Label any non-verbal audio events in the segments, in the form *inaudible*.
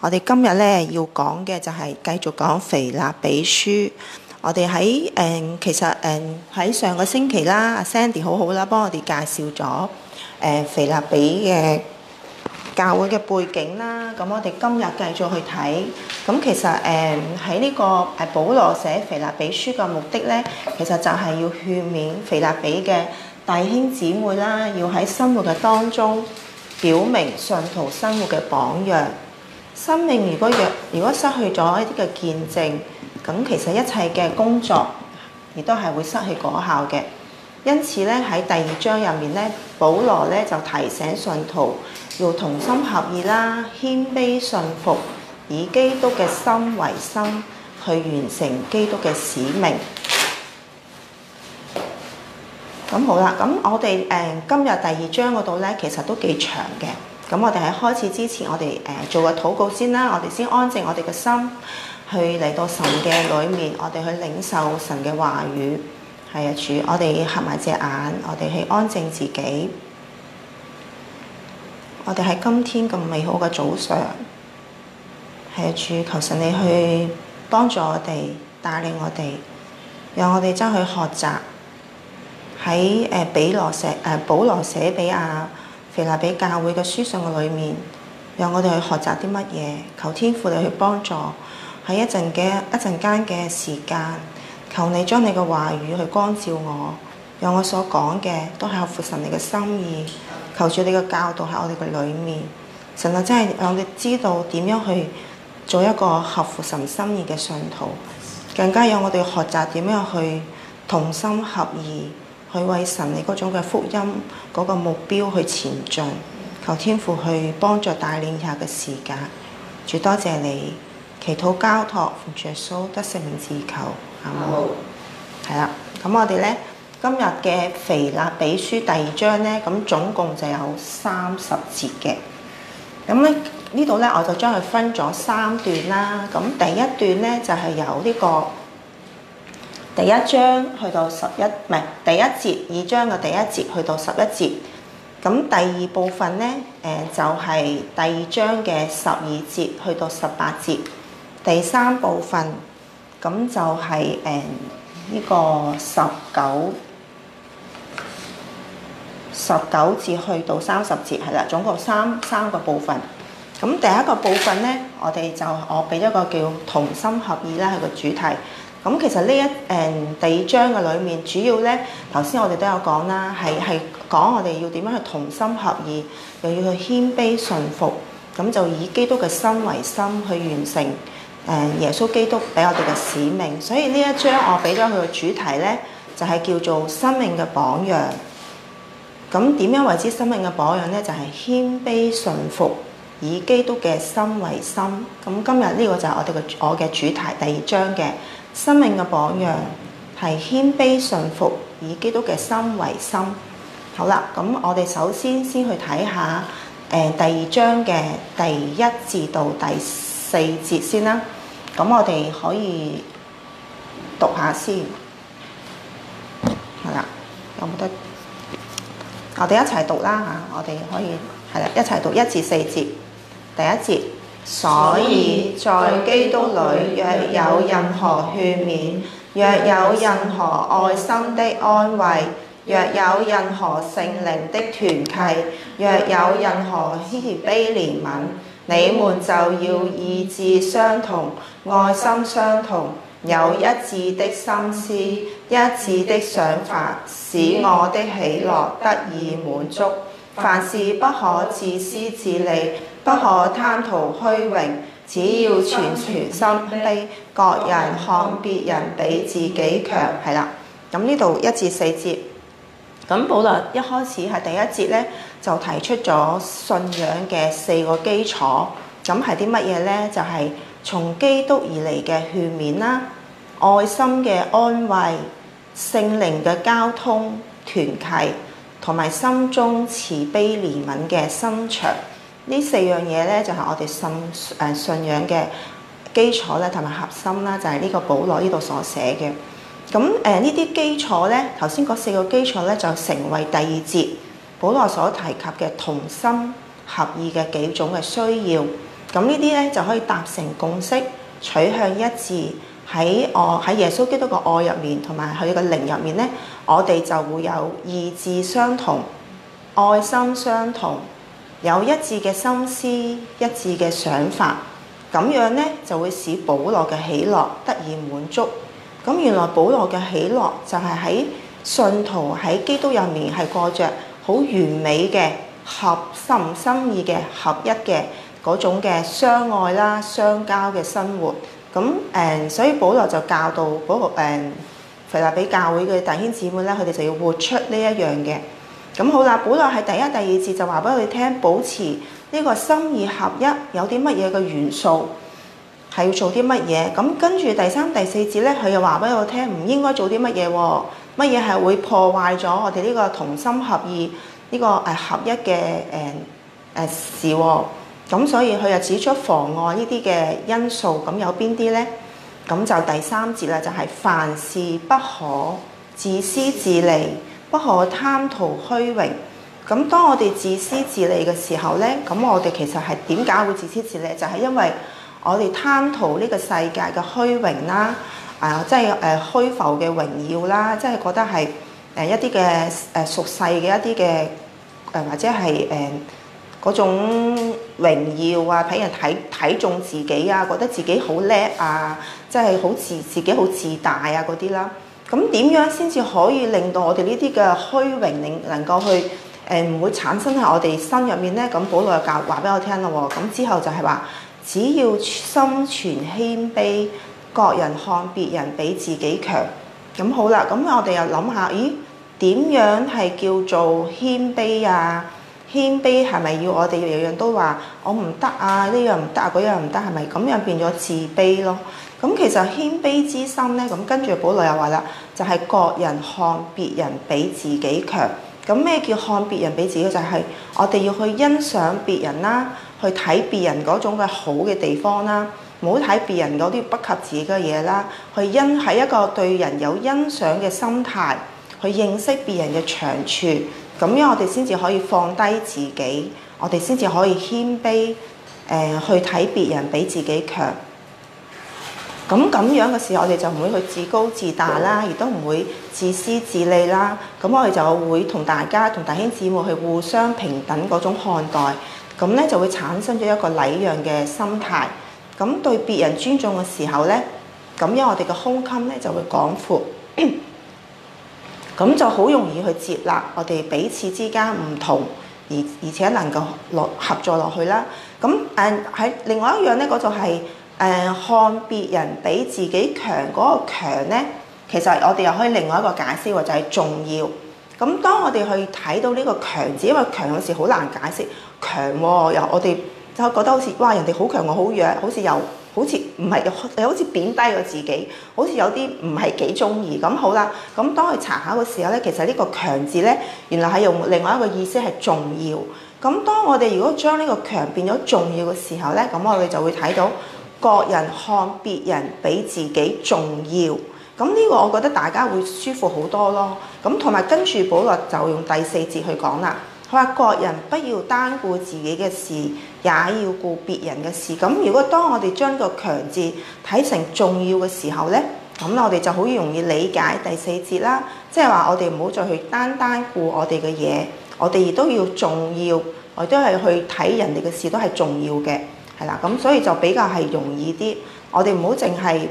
我哋今日咧要講嘅就係繼續講腓立比書。我哋喺誒其實誒喺上個星期啦，阿 Sandy 好好啦，幫我哋介紹咗誒腓立比嘅教會嘅背景啦。咁我哋今日繼續去睇咁，其實誒喺呢個誒保羅寫腓立比書嘅目的咧，其實就係要勸勉腓立比嘅弟兄姊妹啦，要喺生活嘅當中表明信徒生活嘅榜樣。生命如果若如果失去咗一啲嘅見證，咁其實一切嘅工作亦都係會失去果效嘅。因此呢，喺第二章入面呢，保羅呢就提醒信徒要同心合意啦，謙卑順服，以基督嘅心為心，去完成基督嘅使命。咁好啦，咁我哋誒今日第二章嗰度呢，其實都幾長嘅。咁我哋喺開始之前，我哋誒、呃、做個禱告先啦。我哋先安靜我哋嘅心，去嚟到神嘅裏面，我哋去領受神嘅話語。係啊，主，我哋合埋隻眼，我哋去安靜自己。我哋喺今天咁美好嘅早上，係啊，主，求神你去幫助我哋，帶領我哋，讓我哋真去學習，喺誒比羅寫，誒，保羅寫俾亞，腓立比教會嘅書信嘅裏面，讓我哋去學習啲乜嘢？求天父你去幫助喺一陣嘅一陣間嘅時間，求你將你嘅話語去光照我，讓我所講嘅都係合乎神你嘅心意。求住你嘅教導喺我哋嘅裏面，神啊，真係讓我哋知道點樣去做一個合乎神心意嘅信徒，更加讓我哋學習點樣去同心合意。去為神你嗰種嘅福音嗰個目標去前進，求天父去幫助帶領下嘅時間，主多謝你，祈禱交託主耶穌得勝自求，好唔好？係啦，咁我哋呢，今日嘅腓立比書第二章呢，咁總共就有三十節嘅，咁咧呢度呢，我就將佢分咗三段啦，咁第一段呢，就係由呢個。第一章去到十一，唔係第一節，二章嘅第一節去到十一節。咁第二部分呢，誒就係、是、第二章嘅十二節去到十八節。第三部分咁就係誒呢個十九十九節去到三十節，係啦，總共三三個部分。咁第一個部分呢，我哋就我俾一個叫同心合意啦，係個主題。咁其實呢一誒、嗯、第二章嘅裏面，主要呢頭先我哋都有講啦，係係講我哋要點樣去同心合意，又要去謙卑順服，咁就以基督嘅心為心去完成耶穌基督俾我哋嘅使命。所以呢一章我俾咗佢嘅主題呢，就係、是、叫做生命嘅榜樣。咁點樣為之生命嘅榜樣呢？就係、是、謙卑順服，以基督嘅心為心。咁今日呢個就係我哋嘅我嘅主題第二章嘅。生命嘅榜樣係謙卑順服，以基督嘅心為心。好啦，咁我哋首先先去睇下誒、呃、第二章嘅第一至到第四節先啦。咁我哋可以讀下先，係啦。有冇得？我哋一齊讀啦嚇！我哋可以係啦，一齊讀一至四節。第一節。所以在基督裏，若有任何勸勉，若有任何愛心的安慰，若有任何聖靈的團契，若有任何慈悲憐憫，你們就要意志相同，愛心相同，有一致的心思，一致的想法，使我的喜樂得以滿足。凡事不可自私自利。不可貪圖虛榮，只要全全心悲，各人看別人比自己強，係啦、嗯。咁呢度一至四節，咁、嗯保羅一開始係第一節咧，就提出咗信仰嘅四個基礎。咁係啲乜嘢咧？就係、是、從基督而嚟嘅勸勉啦，愛心嘅安慰，聖靈嘅交通團契，同埋心中慈悲憐憫嘅心腸。呢四樣嘢咧，就係我哋信誒信仰嘅基礎咧，同埋核心啦，就係呢個保羅呢度所寫嘅。咁誒呢啲基礎咧，頭先嗰四個基礎咧，就成為第二節保羅所提及嘅同心合意嘅幾種嘅需要。咁呢啲咧就可以達成共識，取向一致喺我喺耶穌基督嘅愛入面，同埋佢個靈入面咧，我哋就會有意志相同，愛心相同。有一致嘅心思、一致嘅想法，咁樣呢就會使保羅嘅喜樂得以滿足。咁原來保羅嘅喜樂就係喺信徒喺基督入面係過着好完美嘅合心心意嘅合一嘅嗰種嘅相愛啦，相交嘅生活。咁誒，and，所以保羅就教導嗰個誒腓立比教會嘅弟兄姊妹咧，佢哋就要活出呢一樣嘅。咁好啦，本來係第一、第二節就話俾佢聽，保持呢個心意合一有啲乜嘢嘅元素，係要做啲乜嘢。咁跟住第三、第四節咧，佢又話俾我聽，唔應該做啲乜嘢，乜嘢係會破壞咗我哋呢個同心合意呢個誒合一嘅誒誒事。咁所以佢又指出妨礙呢啲嘅因素，咁有邊啲咧？咁就第三節啦，就係凡事不可自私自利。不可貪圖虛榮。咁當我哋自私自利嘅時候咧，咁我哋其實係點解會自私自利？就係因為我哋貪圖呢個世界嘅虛榮啦，啊，即係誒虛浮嘅榮耀啦，即係覺得係誒一啲嘅誒俗世嘅一啲嘅誒或者係誒嗰種榮耀啊，畀人睇睇中自己啊，覺得自己好叻啊，即係好自自己好自大啊嗰啲啦。咁點樣先至可以令到我哋呢啲嘅虛榮，令能夠去誒唔會產生喺我哋心入面咧？咁保羅又教話俾我聽咯喎，咁之後就係話只要心存謙卑，各人看別人比自己強。咁好啦，咁我哋又諗下，咦點樣係叫做謙卑啊？謙卑係咪要我哋樣樣都話我唔得啊？呢樣唔得啊？嗰樣唔得，係咪咁樣變咗自卑咯？咁其實謙卑之心咧，咁跟住保羅又話啦，就係、是、各人看別人比自己強。咁咩叫看別人比自己？就係、是、我哋要去欣賞別人啦，去睇別人嗰種嘅好嘅地方啦，唔好睇別人嗰啲不及自己嘅嘢啦。去欣喺一個對人有欣賞嘅心態，去認識別人嘅長處。咁樣我哋先至可以放低自己，我哋先至可以謙卑誒、呃、去睇別人比自己強。咁咁樣嘅時候，我哋就唔會去自高自大啦，亦都唔會自私自利啦。咁我哋就會同大家、同弟兄姊妹去互相平等嗰種看待，咁咧就會產生咗一個禮讓嘅心態。咁對別人尊重嘅時候咧，咁樣我哋嘅胸襟咧就會廣闊，咁就好容易去接納我哋彼此之間唔同，而而且能夠落合作落去啦。咁誒喺另外一樣咧，嗰就係、是。誒，uh, 看別人比自己強嗰個強咧，其實我哋又可以另外一個解釋喎，就係、是、重要。咁當我哋去睇到呢個強字，因為強有時好難解釋，強、哦、又我哋就覺得好似哇人哋好強，我好弱，好似又好似唔係又好似貶低咗自己，好似有啲唔係幾中意。咁好啦，咁當去查下嘅時候咧，其實呢個強字咧，原來係用另外一個意思係重要。咁當我哋如果將呢個強變咗重要嘅時候咧，咁我哋就會睇到。各人看別人比自己重要，咁呢個我覺得大家會舒服好多咯。咁同埋跟住保羅就用第四節去講啦，佢話：各人不要單顧自己嘅事，也要顧別人嘅事。咁如果當我哋將個強字睇成重要嘅時候呢，咁我哋就好容易理解第四節啦。即係話我哋唔好再去單單顧我哋嘅嘢，我哋亦都要重要，我都係去睇人哋嘅事都係重要嘅。係啦，咁所以就比較係容易啲。我哋唔好淨係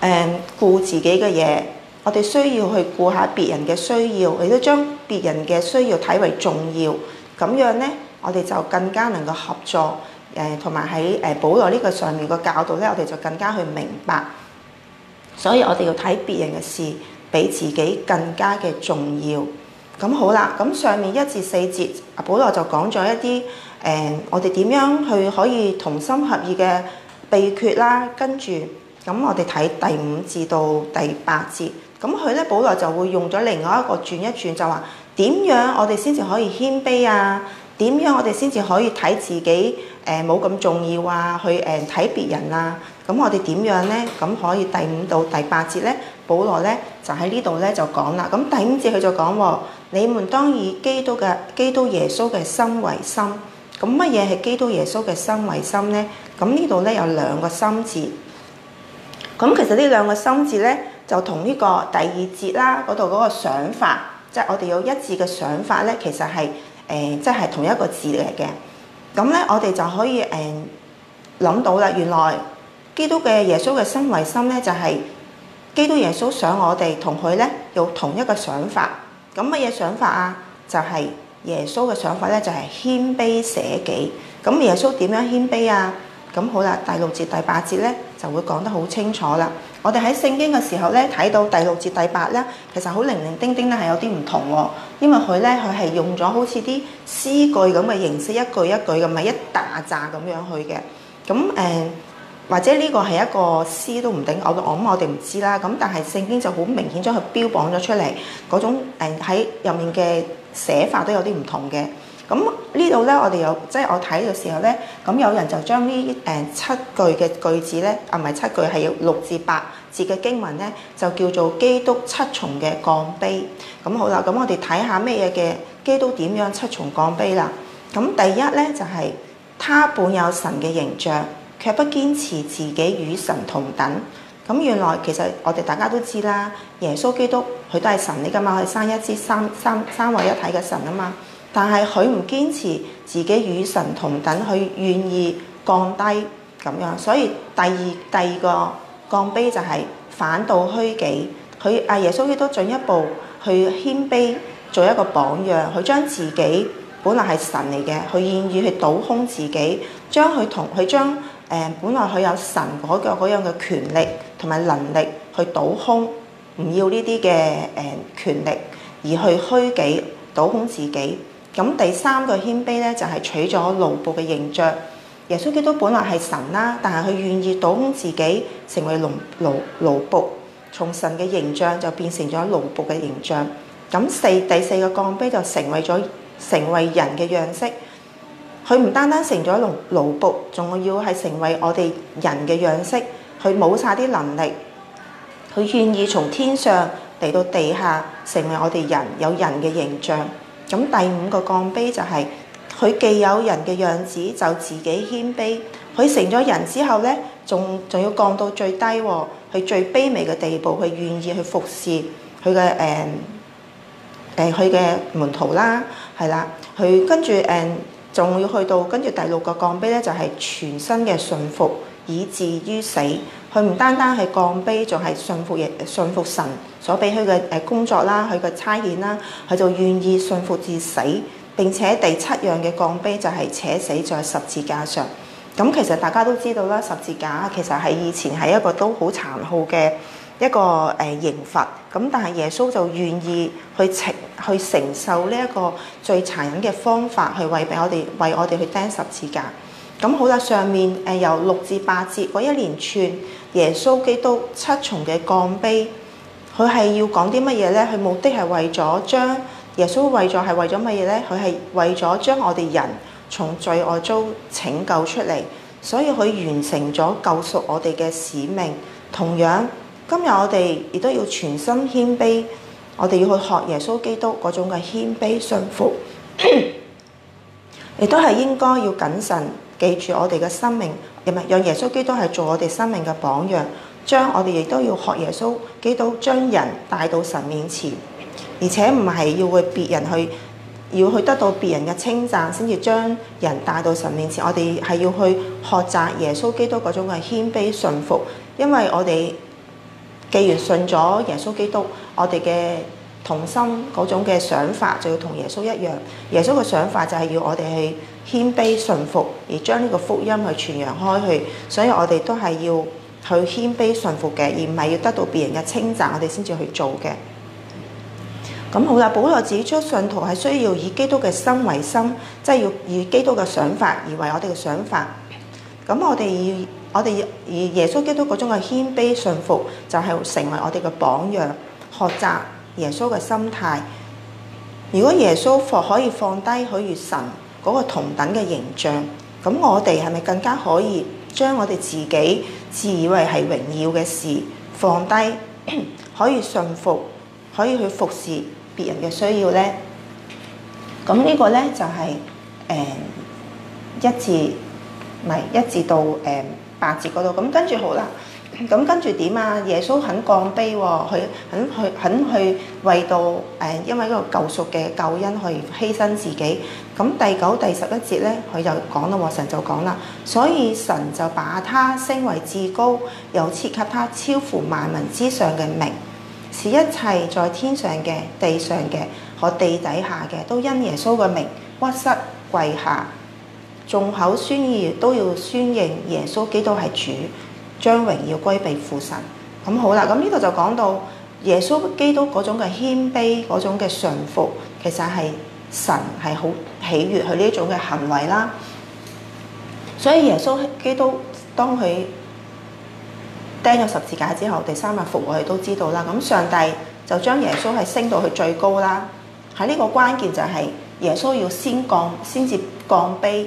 誒顧自己嘅嘢，我哋需要去顧下別人嘅需要，亦都將別人嘅需要睇為重要。咁樣呢，我哋就更加能夠合作，誒同埋喺誒保羅呢個上面個教導呢，我哋就更加去明白。所以我哋要睇別人嘅事比自己更加嘅重要。咁好啦，咁上面一至四節，阿保羅就講咗一啲誒、呃，我哋點樣去可以同心合意嘅秘訣啦。跟住咁，我哋睇第五至到第八節，咁佢咧保羅就會用咗另外一個轉一轉，就話點樣我哋先至可以謙卑啊？點樣我哋先至可以睇自己誒冇咁重要啊？去誒睇、呃、別人啊？咁我哋點樣咧？咁可以第五到第八節咧？保羅咧就喺呢度咧就講啦，咁第五節佢就講，你們當以基督嘅基督耶穌嘅心為心。咁乜嘢係基督耶穌嘅心為心呢？咁呢度咧有兩個心字。咁其實呢兩個心字咧，就同呢個第二節啦嗰度嗰個想法，即係我哋有一致嘅想法咧，其實係誒即係同一個字嚟嘅。咁咧我哋就可以誒諗到啦，原來基督嘅耶穌嘅心為心咧就係。基督耶穌想我哋同佢咧有同一個想法，咁乜嘢想法啊？就係、是、耶穌嘅想法咧，就係謙卑捨己。咁耶穌點樣謙卑啊？咁好啦，第六節第八節咧就會講得好清楚啦。我哋喺聖經嘅時候咧睇到第六節第八咧，其實好零零丁丁咧係有啲唔同喎，因為佢咧佢係用咗好似啲詩句咁嘅形式，一句一句咁咪一大紮咁樣去嘅。咁誒。呃或者呢個係一個詩都唔頂，我咁我哋唔知啦。咁但係聖經就好明顯將佢標榜咗出嚟，嗰種喺入面嘅寫法都有啲唔同嘅。咁呢度咧，我哋有即係我睇嘅時候咧，咁有人就將呢誒七句嘅句子咧，啊唔係七句係有六至八節嘅經文咧，就叫做基督七重嘅降卑。咁好啦，咁我哋睇下咩嘢嘅基督點樣七重降卑啦。咁第一咧就係他本有神嘅形象。卻不堅持自己與神同等，咁原來其實我哋大家都知啦。耶穌基督佢都係神嚟㗎嘛，佢生一枝三三三位一體嘅神啊嘛，但係佢唔堅持自己與神同等，佢願意降低咁樣，所以第二第二個降卑就係反倒虛己。佢啊，耶穌基督進一步去謙卑，做一個榜樣，佢將自己本來係神嚟嘅，佢願意去倒空自己，將佢同佢將。本來佢有神嗰個嗰樣嘅權力同埋能力去倒空，唔要呢啲嘅誒權力，而去虛己倒空自己。咁第三個謙卑咧，就係取咗奴僕嘅形象。耶穌基督本來係神啦，但係佢願意倒空自己，成為奴奴奴僕，從神嘅形象就變成咗奴僕嘅形象。咁四第四個降卑就成為咗成為人嘅樣式。佢唔單單成咗一種奴僕，仲要係成為我哋人嘅樣式。佢冇晒啲能力，佢願意從天上嚟到地下，成為我哋人，有人嘅形象。咁第五個降卑就係、是、佢既有人嘅樣子，就自己謙卑。佢成咗人之後呢，仲仲要降到最低、哦，佢最卑微嘅地步，佢願意去服侍佢嘅誒誒佢嘅門徒啦，係啦，佢跟住誒。呃仲要去到跟住第六個降卑咧，就係、是、全身嘅順服，以至於死。佢唔單單係降卑，仲係順服人、順服神所俾佢嘅誒工作啦，佢嘅差遣啦，佢就願意順服至死。並且第七樣嘅降卑就係且死在十字架上。咁、嗯、其實大家都知道啦，十字架其實係以前係一個都好殘酷嘅。一個刑罰咁，但係耶穌就願意去承去承受呢一個最殘忍嘅方法，去為我哋為我哋去釘十字架。咁好啦，上面誒由六至八節嗰一連串耶穌基督七重嘅降卑，佢係要講啲乜嘢呢？佢目的係為咗將耶穌為咗係為咗乜嘢呢？佢係為咗將我哋人從罪惡中拯救出嚟，所以佢完成咗救贖我哋嘅使命，同樣。今日我哋亦都要全心謙卑，我哋要去學耶穌基督嗰種嘅謙卑順服。亦 *coughs* 都係應該要謹慎記住我哋嘅生命，唔係讓耶穌基督係做我哋生命嘅榜樣，將我哋亦都要學耶穌基督，將人帶到神面前，而且唔係要為別人去，要去得到別人嘅稱讚先至將人帶到神面前。我哋係要去學習耶穌基督嗰種嘅謙卑順服，因為我哋。既然信咗耶穌基督，我哋嘅童心嗰種嘅想法就要同耶穌一樣。耶穌嘅想法就係要我哋去謙卑順服，而將呢個福音去傳揚開去。所以我哋都係要去謙卑順服嘅，而唔係要得到別人嘅稱讚，我哋先至去做嘅。咁好啦，保羅指出，信徒係需要以基督嘅心為心，即係要以基督嘅想法而為我哋嘅想法。咁我哋要。我哋以耶穌基督嗰種嘅謙卑順服，就係、是、成為我哋嘅榜樣，學習耶穌嘅心態。如果耶穌放可以放低，佢與神嗰個同等嘅形象，咁我哋係咪更加可以將我哋自己自以為係榮耀嘅事放低，可以順服，可以去服侍別人嘅需要呢？咁呢個呢，就係誒一至唔係一至到誒。嗯八節嗰度，咁跟住好啦，咁跟住點啊？耶穌肯降卑喎，佢肯，肯去肯去為到誒，因為嗰個救贖嘅救恩去犧牲自己。咁第九、第十一節咧，佢就講啦，神就講啦，所以神就把他升為至高，又賜給他超乎萬民之上嘅名，使一切在天上嘅、地上嘅和地底下嘅，都因耶穌嘅名屈膝跪下。眾口宣議都要宣認耶穌基督係主，將榮耀歸畀父神。咁、嗯、好啦，咁呢度就講到耶穌基督嗰種嘅謙卑，嗰種嘅順服，其實係神係好喜悅佢呢一種嘅行為啦。所以耶穌基督當佢釘咗十字架之後，第三日復我哋都知道啦。咁、嗯、上帝就將耶穌係升到去最高啦。喺、這、呢個關鍵就係耶穌要先降，先至降卑。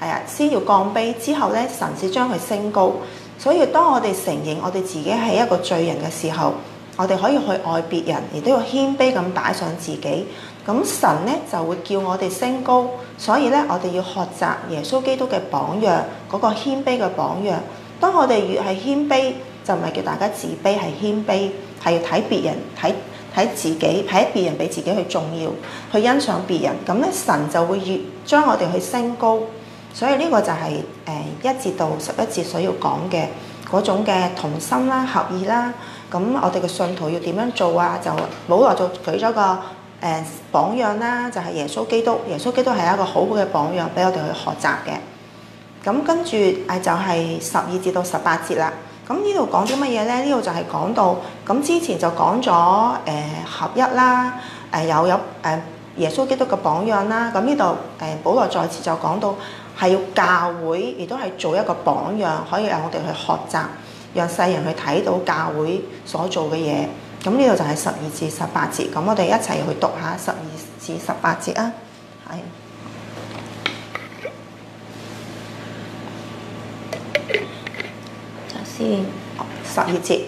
係啊，先要降卑，之後咧神先將佢升高。所以當我哋承認我哋自己係一個罪人嘅時候，我哋可以去愛別人，亦都要謙卑咁擺上自己。咁神咧就會叫我哋升高。所以咧我哋要學習耶穌基督嘅榜樣，嗰個謙卑嘅榜樣。當我哋越係謙卑，就唔係叫大家自卑，係謙卑係要睇別人睇睇自己睇，別人比自己去重要，去欣賞別人。咁咧神就會越將我哋去升高。所以呢個就係誒一節到十一節所要講嘅嗰種嘅同心啦、合意啦。咁我哋嘅信徒要點樣做啊？就保羅就舉咗個誒榜樣啦，就係、是、耶穌基督。耶穌基督係一個好好嘅榜樣俾我哋去學習嘅。咁跟住誒就係十二節到十八節啦。咁呢度講咗乜嘢咧？呢度就係講到咁之前就講咗誒、呃、合一啦，誒、啊、有有誒、啊、耶穌基督嘅榜樣啦。咁呢度誒保羅再次就講到。係要教會，亦都係做一個榜樣，可以讓我哋去學習，讓世人去睇到教會所做嘅嘢。咁呢度就係走十二至十八節，咁我哋一齊去讀下十二至十八節啊。係。先十二節，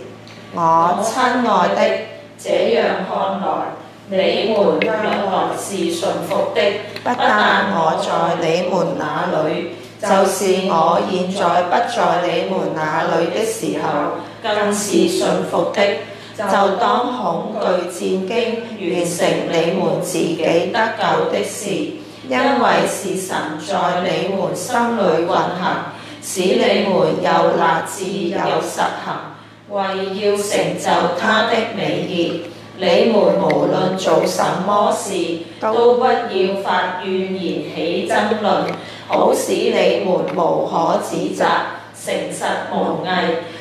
我親愛的，愛的這樣看來，你們向來是順服的。不但我在你們那裏，就是我現在不在你們那裏的時候，更是順服的。就當恐懼戰兢完成你們自己得救的事，因為是神在你們心裏運行，使你們有立志有實行，為要成就他的美意。你們無論做什麼事，都，都不要發怨言起爭論，好使你們無可指責，誠實無偽。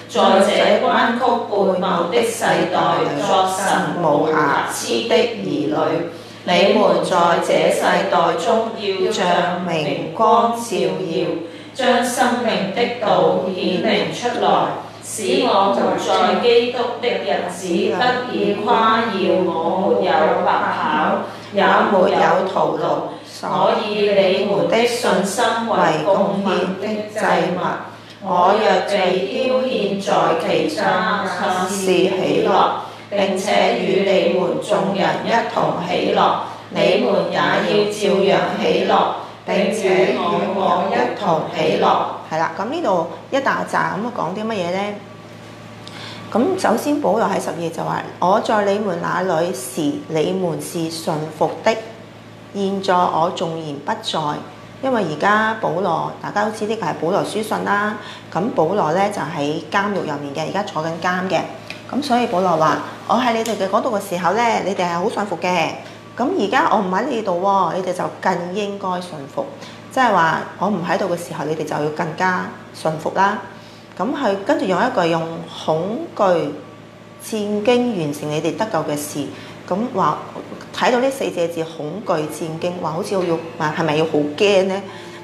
在這彎曲悖謬的世代，作神無瑕疵的兒女，你們在這世代中要像明光照耀，將生命的道顯明出來。使我們在基督的日子得以誇耀，我們沒有白跑，也沒有徒勞。我以你們的信心為供獻的祭物，我若被澆奠在其中，就是喜樂。並且與你們眾人一同喜樂，你們也要照樣喜樂。並且與我一同喜樂。係啦，咁呢度一大紮咁啊，講啲乜嘢呢？咁首先，保羅喺十二就話：我在你們那裡時，你們是順服的。現在我縱然不在，因為而家保羅，大家都知呢個係保羅書信啦。咁保羅呢就喺監獄入面嘅，而家坐緊監嘅。咁所以保羅話：我喺你哋嘅嗰度嘅時候呢，你哋係好順服嘅。咁而家我唔喺呢度喎，你哋就更應該順服，即係話我唔喺度嘅時候，你哋就要更加順服啦。咁佢跟住用一句用恐懼戰兢完成你哋得救嘅事。咁話睇到呢四隻字，恐懼戰兢，話好似要話係咪要好驚呢？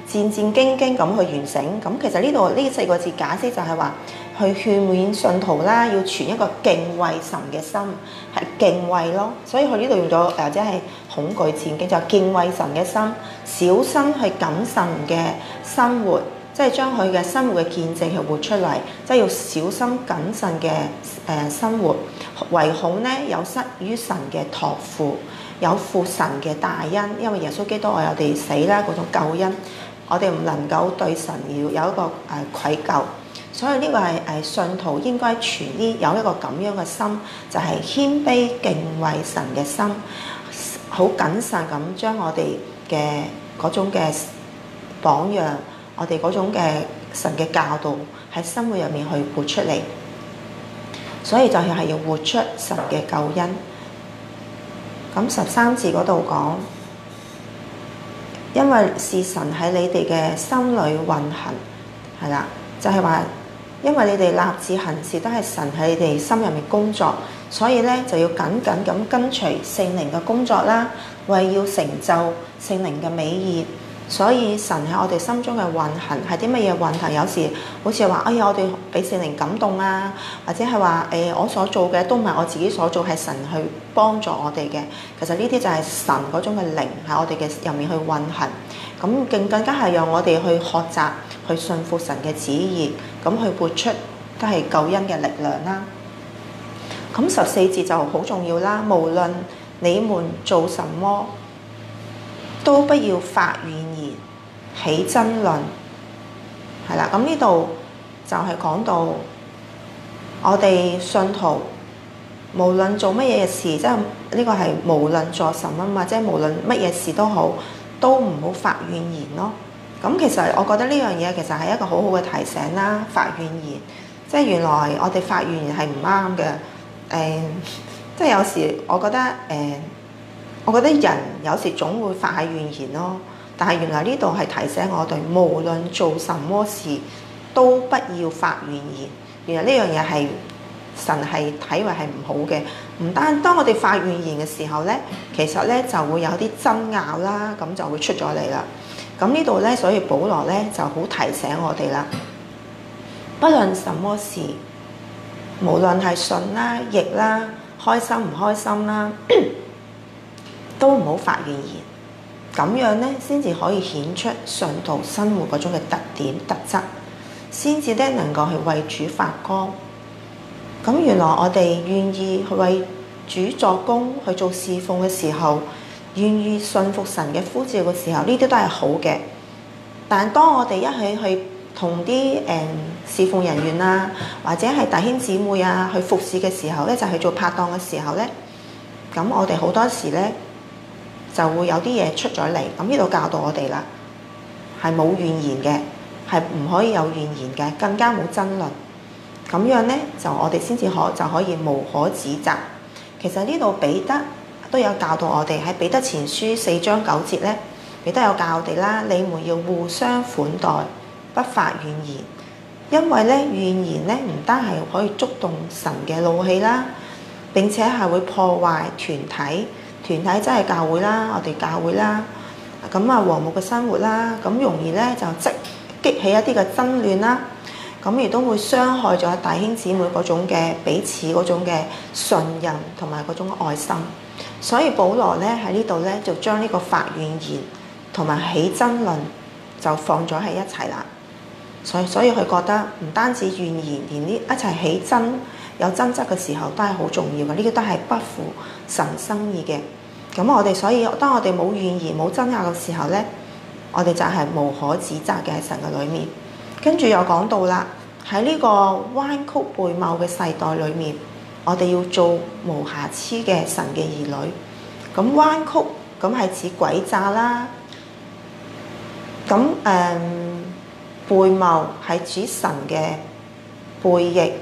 戰戰兢兢咁去完成。咁其實呢度呢四個字解釋就係話。去勸勉信徒啦，要存一個敬畏神嘅心，係敬畏咯。所以佢呢度用咗或者係恐懼戰兢，就是、敬畏神嘅心，小心去謹慎嘅生活，即係將佢嘅生活嘅見證係活出嚟，即係要小心謹慎嘅誒生活，唯恐呢，有失於神嘅託付，有負神嘅大恩。因為耶穌基督為我哋死啦嗰種救恩，我哋唔能夠對神要有一個誒愧疚。所以呢個係信徒應該存有有一個咁樣嘅心，就係、是、謙卑敬畏神嘅心，好謹慎咁將我哋嘅嗰種嘅榜樣，我哋嗰種嘅神嘅教導喺生活入面去活出嚟。所以就係要活出神嘅救恩。咁十三字嗰度講，因為是神喺你哋嘅心裡運行，係啦，就係、是、話。因為你哋立志行事都係神喺你哋心入面工作，所以咧就要緊緊咁跟隨聖靈嘅工作啦，為要成就聖靈嘅美意。所以神喺我哋心中嘅運行係啲乜嘢運行？有時好似話：哎呀，我哋俾聖靈感動啊，或者係話誒，我所做嘅都唔係我自己所做，係神去幫助我哋嘅。其實呢啲就係神嗰種嘅靈喺我哋嘅入面去運行。咁更更加係讓我哋去學習。去信服神嘅旨意，咁去活出都係救恩嘅力量啦。咁十四節就好重要啦。無論你們做什麼，都不要發怨言，起爭論，係啦。咁呢度就係講到我哋信徒，無論做乜嘢事，即係呢、這個係無論做什麼嘛，即係無論乜嘢事都好，都唔好發怨言咯。咁其實我覺得呢樣嘢其實係一個好好嘅提醒啦，發怨言，即係原來我哋發怨言係唔啱嘅。誒、嗯，即係有時我覺得誒、嗯，我覺得人有時總會發下怨言咯。但係原來呢度係提醒我哋，無論做什麼事都不要發怨言。原來呢樣嘢係神係睇為係唔好嘅。唔單當我哋發怨言嘅時候咧，其實咧就會有啲爭拗啦，咁就會出咗嚟啦。咁呢度咧，所以保羅咧就好提醒我哋啦，不論什麼事，無論係順啦逆啦，開心唔開心啦，都唔好發怨言。咁樣咧，先至可以顯出信徒生活嗰種嘅特點特質，先至咧能夠去為主發光。咁原來我哋願意為主作工，去做侍奉嘅時候，願意信服神嘅呼召嘅時候，呢啲都係好嘅。但係當我哋一起去同啲誒侍奉人員啊，或者係弟兄姊妹啊去服侍嘅時候咧，就係、去做拍檔嘅時候咧，咁我哋好多時咧就會有啲嘢出咗嚟。咁呢度教導我哋啦，係冇怨言嘅，係唔可以有怨言嘅，更加冇爭論。咁樣咧，就我哋先至可就可以無可指責。其實呢度彼得。都有教導我哋喺彼得前書四章九節咧，亦都有教我哋啦。你們要互相款待，不發怨言，因為咧怨言咧唔單係可以觸動神嘅怒氣啦，並且係會破壞團體。團體真係教會啦，我哋教會啦，咁啊和睦嘅生活啦，咁容易咧就激激起一啲嘅爭亂啦。咁亦都會傷害咗弟兄姊妹嗰種嘅彼此嗰種嘅信任同埋嗰種愛心。所以保羅咧喺呢度咧就將呢個發怨言同埋起爭論就放咗喺一齊啦。所以所以佢覺得唔單止怨言，連呢一齊起爭有爭執嘅時候都係好重要嘅。呢個都係不符神心意嘅。咁我哋所以當我哋冇怨言冇爭拗嘅時候咧，我哋就係無可指責嘅喺神嘅裏面。跟住又講到啦，喺呢個彎曲悖謬嘅世代裏面。我哋要做無瑕疵嘅神嘅兒女。咁彎曲咁係指鬼詐啦。咁誒、嗯、悖謬係指神嘅背逆，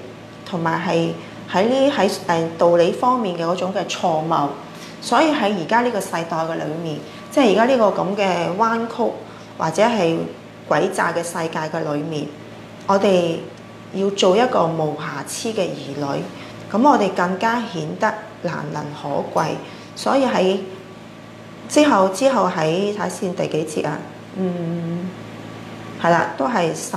同埋係喺呢喺誒道理方面嘅嗰種嘅錯謬。所以喺而家呢個世代嘅裏面，即係而家呢個咁嘅彎曲或者係鬼詐嘅世界嘅裏面，我哋要做一個無瑕疵嘅兒女。咁我哋更加顯得難能可貴，所以喺之後之後喺睇下先第幾節啊，嗯，係啦，都係十十十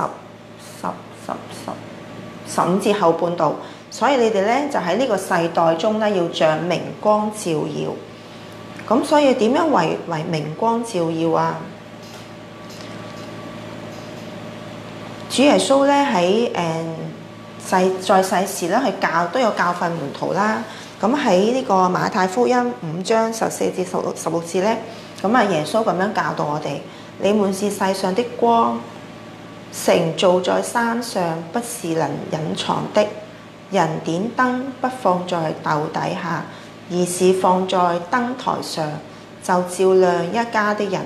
十十,十,十五節後半度，所以你哋咧就喺呢個世代中咧要像明光照耀，咁所以點樣為為明光照耀啊？主耶穌咧喺誒。細在世時咧，佢教都有教訓門徒啦。咁喺呢個馬太福音五章十四至十六十六節咧，咁啊耶穌咁樣教導我哋：你們是世上的光，城造在山上，不是能隱藏的；人點燈不放在斗底下，而是放在燈台上，就照亮一家的人。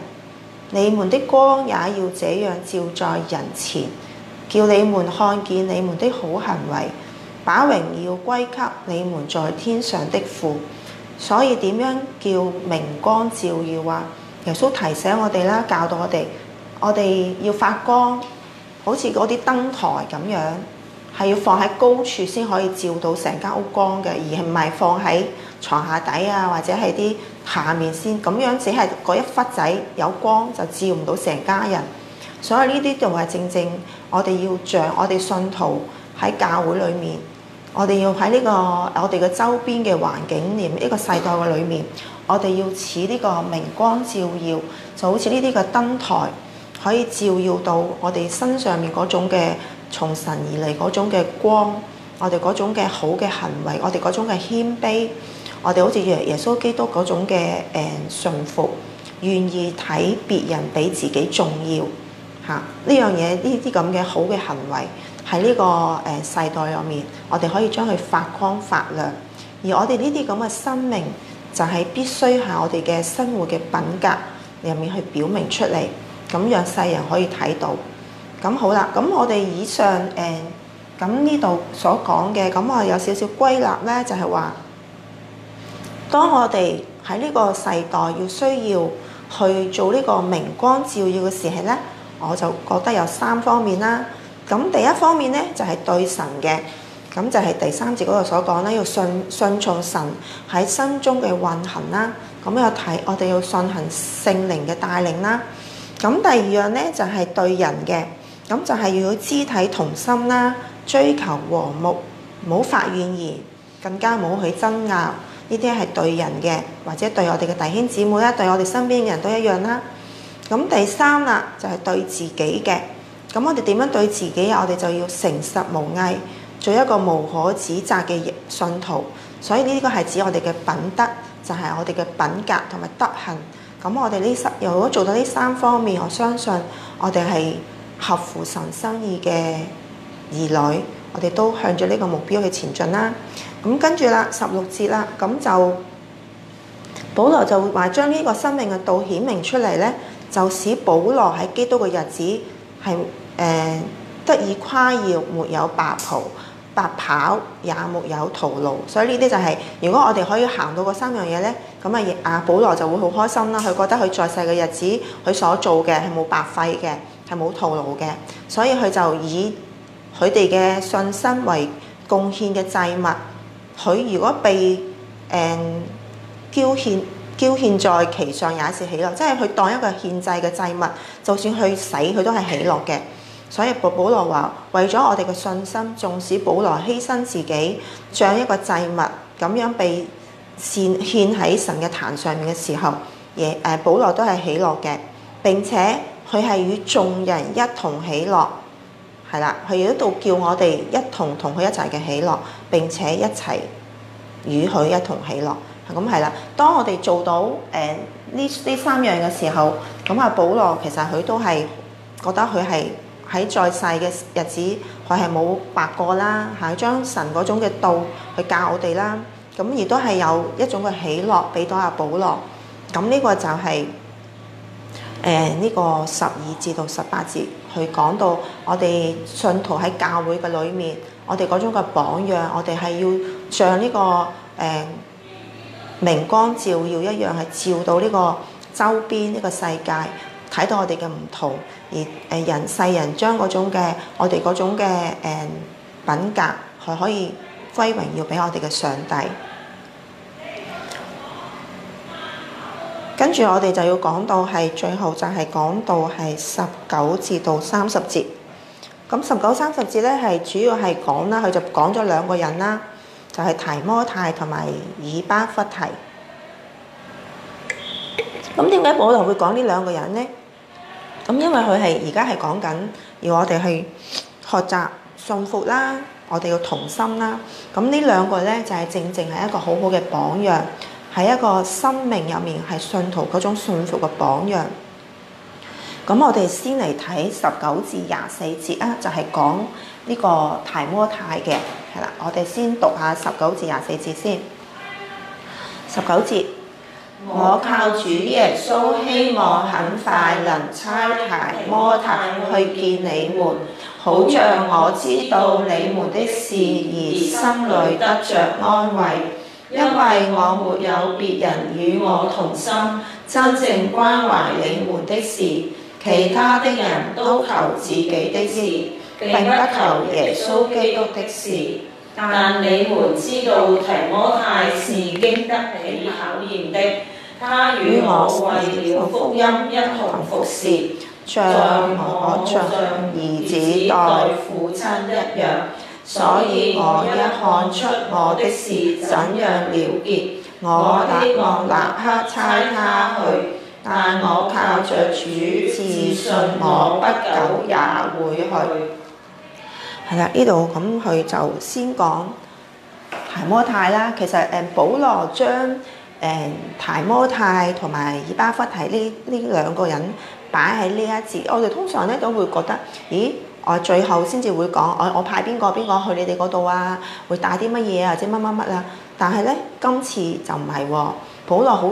你們的光也要這樣照在人前。叫你們看見你們的好行為，把榮耀歸給你們在天上的父。所以點樣叫明光照耀啊？耶穌提醒我哋啦，教導我哋，我哋要發光，好似嗰啲燈台咁樣，係要放喺高處先可以照到成間屋光嘅，而係唔係放喺床下底啊，或者係啲下面先咁樣，只係嗰一忽仔有光就照唔到成家人。所以呢啲就係正正我哋要像我哋信徒喺教會裏面，我哋要喺呢個我哋嘅周邊嘅環境，連、這、呢個世代嘅裏面，我哋要似呢個明光照耀，就好似呢啲嘅燈台可以照耀到我哋身上面嗰種嘅從神而嚟嗰種嘅光，我哋嗰種嘅好嘅行為，我哋嗰種嘅謙卑，我哋好似耶耶穌基督嗰種嘅誒順服，願意睇別人比自己重要。呢樣嘢，呢啲咁嘅好嘅行為喺呢個誒世代入面，我哋可以將佢發光發亮。而我哋呢啲咁嘅生命，就係必須喺我哋嘅生活嘅品格入面去表明出嚟，咁讓世人可以睇到。咁好啦，咁我哋以上誒咁呢度所講嘅，咁我有少少歸納呢，就係話，當我哋喺呢個世代要需要去做呢個明光照耀嘅時候呢。我就覺得有三方面啦。咁第一方面呢，就係、是、對神嘅，咁就係第三節嗰度所講咧，要信信從神喺心中嘅運行啦。咁又睇我哋要信行聖靈嘅帶領啦。咁第二樣呢，就係、是、對人嘅，咁就係要要肢體同心啦，追求和睦，唔好發怨言，更加唔好去爭拗。呢啲係對人嘅，或者對我哋嘅弟兄姊妹啦，對我哋身邊嘅人都一樣啦。咁第三啦，就係、是、對自己嘅。咁我哋點樣對自己啊？我哋就要誠實無偽，做一個無可指責嘅信徒。所以呢個係指我哋嘅品德，就係、是、我哋嘅品格同埋德行。咁我哋呢三，如果做到呢三方面，我相信我哋係合乎神心意嘅兒女。我哋都向住呢個目標去前進啦。咁跟住啦，十六節啦，咁就保羅就話將呢個生命嘅道顯明出嚟咧。就使保羅喺基督嘅日子係誒、呃、得以誇耀，沒有白袍，白跑也沒有徒勞。所以呢啲就係、是，如果我哋可以行到嗰三樣嘢咧，咁啊啊保羅就會好開心啦。佢覺得佢在世嘅日子，佢所做嘅係冇白費嘅，係冇徒勞嘅。所以佢就以佢哋嘅信心為貢獻嘅祭物，佢如果被誒丟、呃叫獻在其上也是喜樂，即係佢當一個獻祭嘅祭物，就算去死佢都係喜樂嘅。所以保保羅話：為咗我哋嘅信心，縱使保羅犧牲自己，像一個祭物咁樣被獻獻喺神嘅壇上面嘅時候，嘢誒保羅都係喜樂嘅。並且佢係與眾人一同喜樂，係啦，佢亦都叫我哋一同同佢一齊嘅喜樂，並且一齊與佢一同喜樂。咁係啦，當我哋做到誒呢呢三樣嘅時候，咁、嗯、阿保羅其實佢都係覺得佢係喺在世嘅日子，佢係冇白過啦，係將神嗰種嘅道去教我哋啦。咁、嗯、亦都係有一種嘅喜樂俾到阿、啊、保羅。咁、嗯、呢、這個就係誒呢個十二至到十八節，佢講到我哋信徒喺教會嘅裏面，我哋嗰種嘅榜樣，我哋係要像呢、這個誒。呃明光照耀一樣係照到呢個周邊呢個世界，睇到我哋嘅唔同，而誒人世人將嗰種嘅我哋嗰種嘅誒品格係可以歸榮耀俾我哋嘅上帝。跟住我哋就要講到係最後就係講到係十九節到三十節。咁十九三十節呢係主要係講啦，佢就講咗兩個人啦。就係提摩太同埋以巴弗提，咁點解我就會講呢兩個人呢？咁因為佢係而家係講緊要我哋去學習信服啦，我哋要同心啦。咁呢兩個呢，就係、是、正正係一個好好嘅榜樣，喺一個生命入面係信徒嗰種信服嘅榜樣。咁我哋先嚟睇十九至廿四節啊，就係講。呢個提摩太嘅係啦，我哋先讀下十九節至廿四節先。十九節，我靠主耶穌，希望很快能差提摩太去見你們。好像我知道你們的事而心裏得着安慰，因為我沒有別人與我同心，真正關懷你們的事，其他的人都求自己的事。並不求耶穌基督的事，但你們知道提摩太是經得起考驗的，他與我為了福音一同服事，像我像兒子待父親一樣。所以我一看出我的事怎樣了結，我希望我立刻差他去，但我靠着主自信，我不久也會去。係啦，呢度咁佢就先講提摩太啦。其實誒，保羅將誒提摩太同埋以巴弗提呢呢兩個人擺喺呢一節。我哋通常咧都會覺得，咦，我最後先至會講，我我派邊個邊個去你哋嗰度啊？會帶啲乜嘢啊？或者乜乜乜啊。但係咧，今次就唔係喎。保羅好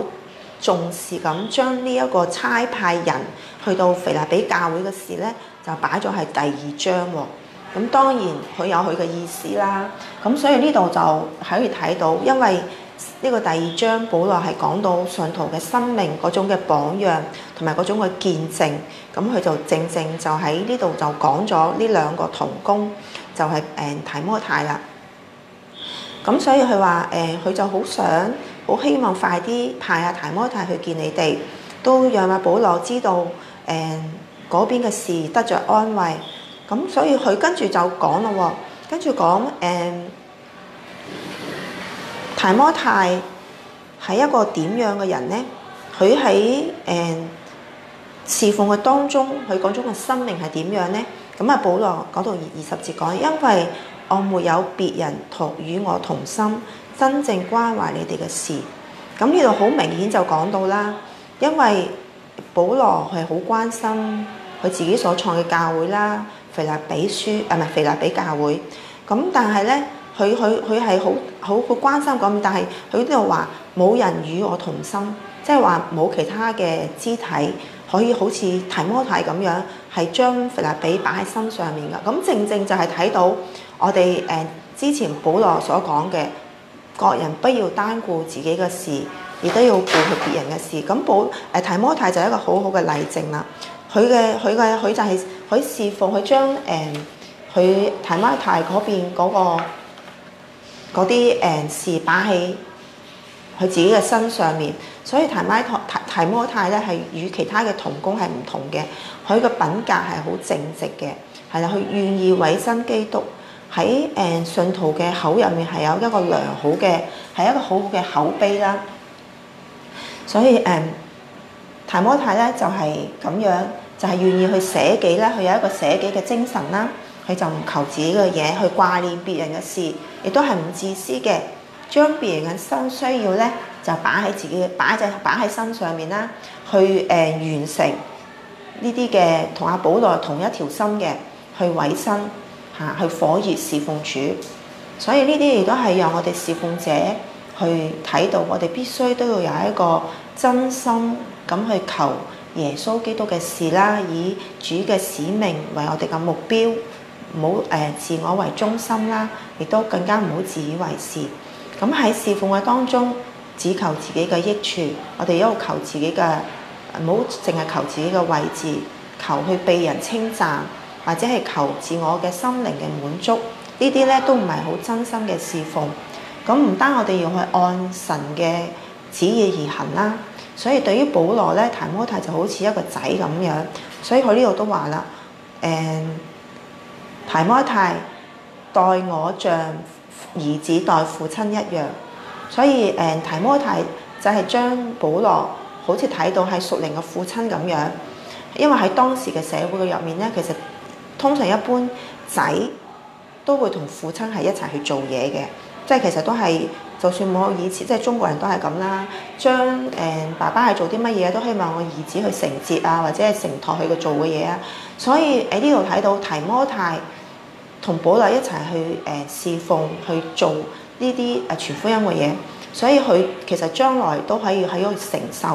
重視咁將呢一個差派人去到腓立比教會嘅事咧，就擺咗係第二章喎、哦。咁當然佢有佢嘅意思啦，咁所以呢度就係可以睇到，因為呢個第二章保羅係講到信徒嘅生命嗰種嘅榜樣同埋嗰種嘅見證，咁佢就正正就喺呢度就講咗呢兩個童工就係誒提摩太啦，咁所以佢話誒佢就好想好希望快啲派阿提摩太去見你哋，都讓阿保羅知道誒嗰邊嘅事得着安慰。咁所以佢跟住就講咯喎，跟住講誒提摩太係一個點樣嘅人呢？佢喺誒侍奉嘅當中，佢講咗個心靈係點樣咧？咁啊，保羅講到二二十節講，因為我沒有別人同與我同心，真正關懷你哋嘅事。咁呢度好明顯就講到啦，因為保羅係好關心佢自己所創嘅教會啦。腓立比書啊，唔係腓立比教會。咁但係咧，佢佢佢係好好個關心咁，但係佢呢度話冇人與我同心，即係話冇其他嘅肢體可以好似提摩太咁樣係將腓立比擺喺身上面噶。咁正正就係睇到我哋誒之前保羅所講嘅，各人不要單顧自己嘅事，亦都要顧及別人嘅事。咁保誒提摩太就係一個好好嘅例證啦。佢嘅佢嘅佢就係、是。佢侍奉，佢將誒佢提摩太嗰邊嗰個嗰啲誒事擺喺佢自己嘅身上面，所以提摩太提摩太咧係與其他嘅同工係唔同嘅，佢嘅品格係好正直嘅，係啦，佢願意委身基督，喺誒信徒嘅口入面係有一個良好嘅係一個好好嘅口碑啦，所以誒提摩太咧就係咁樣。就係願意去捨己啦。佢有一個捨己嘅精神啦。佢就唔求自己嘅嘢，去掛念別人嘅事，亦都係唔自私嘅。將別人嘅心需要呢，就擺喺自己，擺喺擺喺身上面啦。去誒完成呢啲嘅同阿保羅同一條心嘅，去委身嚇，去火熱侍奉主。所以呢啲亦都係讓我哋侍奉者去睇到，我哋必須都要有一個真心咁去求。耶穌基督嘅事啦，以主嘅使命為我哋嘅目標，唔好自我為中心啦，亦都更加唔好自以為是。咁喺侍奉嘅當中，只求自己嘅益處，我哋一路求自己嘅，唔好淨係求自己嘅位置，求去被人稱讚，或者係求自我嘅心靈嘅滿足，呢啲呢都唔係好真心嘅侍奉。咁唔單我哋要去按神嘅旨意而行啦。所以對於保羅咧，提摩太就好似一個仔咁樣，所以佢呢度都話啦，誒提摩太待我像兒子待父親一樣，所以誒提摩太就係將保羅好似睇到係屬靈嘅父親咁樣，因為喺當時嘅社會嘅入面咧，其實通常一般仔都會同父親係一齊去做嘢嘅。即係其實都係，就算冇以前即係中國人都係咁啦，將誒爸爸係做啲乜嘢都希望我兒子去承接啊，或者係承托佢嘅做嘅嘢啊。所以喺呢度睇到提摩太同保羅一齊去誒、呃、侍奉去做呢啲誒傳福音嘅嘢，所以佢其實將來都可以喺度承受